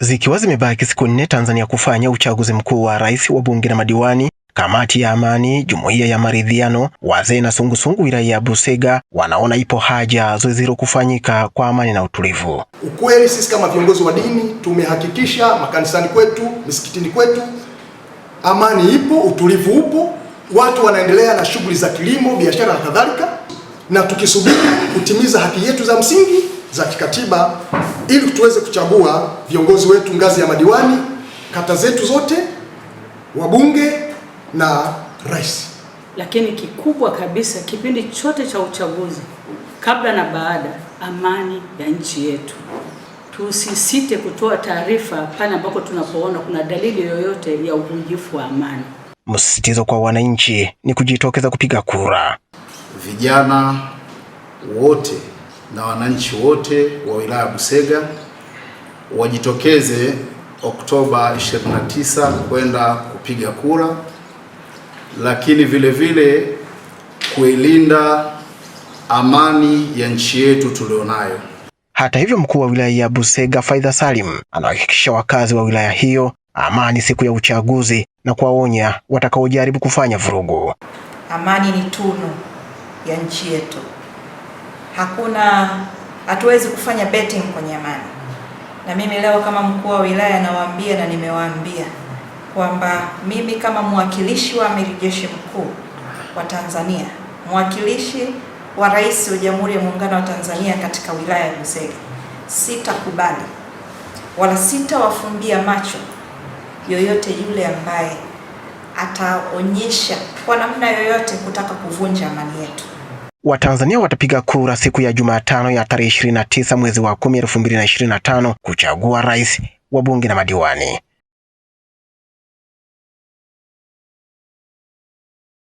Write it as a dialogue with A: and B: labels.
A: Zikiwa zimebaki siku nne Tanzania kufanya uchaguzi mkuu wa rais, wa bunge na madiwani, kamati ya amani, jumuiya ya maridhiano, wazee na sungusungu wilaya ya Busega wanaona ipo haja zoezi hilo kufanyika kwa amani na utulivu.
B: Ukweli sisi kama viongozi wa dini tumehakikisha makanisani kwetu, misikitini kwetu, amani ipo, utulivu upo, watu wanaendelea na shughuli za kilimo, biashara na kadhalika, na tukisubiri kutimiza haki yetu za msingi za kikatiba ili tuweze kuchagua viongozi wetu ngazi ya madiwani, kata zetu zote, wabunge na rais.
C: Lakini kikubwa kabisa, kipindi chote cha uchaguzi, kabla na baada, amani ya nchi yetu. Tusisite kutoa taarifa pale ambapo tunapoona kuna dalili yoyote ya uvunjifu wa amani.
A: Msisitizo kwa wananchi ni kujitokeza kupiga kura.
D: Vijana wote na wananchi wote wa wilaya ya Busega wajitokeze Oktoba 29 kwenda kupiga kura, lakini vile vile kuilinda amani ya nchi yetu tulionayo.
A: Hata hivyo, mkuu wa wilaya ya Busega Faidha Salim anahakikisha wakazi wa wilaya hiyo amani siku ya uchaguzi na kuwaonya watakaojaribu kufanya vurugu.
C: Amani ni tunu ya nchi yetu hakuna, hatuwezi kufanya betting kwenye amani. Na mimi leo kama mkuu wa wilaya nawaambia na nimewaambia kwamba mimi kama mwakilishi wa amiri jeshi mkuu wa Tanzania, mwakilishi wa rais wa Jamhuri ya Muungano wa Tanzania katika wilaya ya Busega, sitakubali wala sitawafumbia macho yoyote yule ambaye ataonyesha kwa namna yoyote kutaka kuvunja amani yetu.
A: Watanzania watapiga kura siku ya Jumatano ya tarehe 29 mwezi wa 10 2025 kuchagua rais, wabunge na madiwani.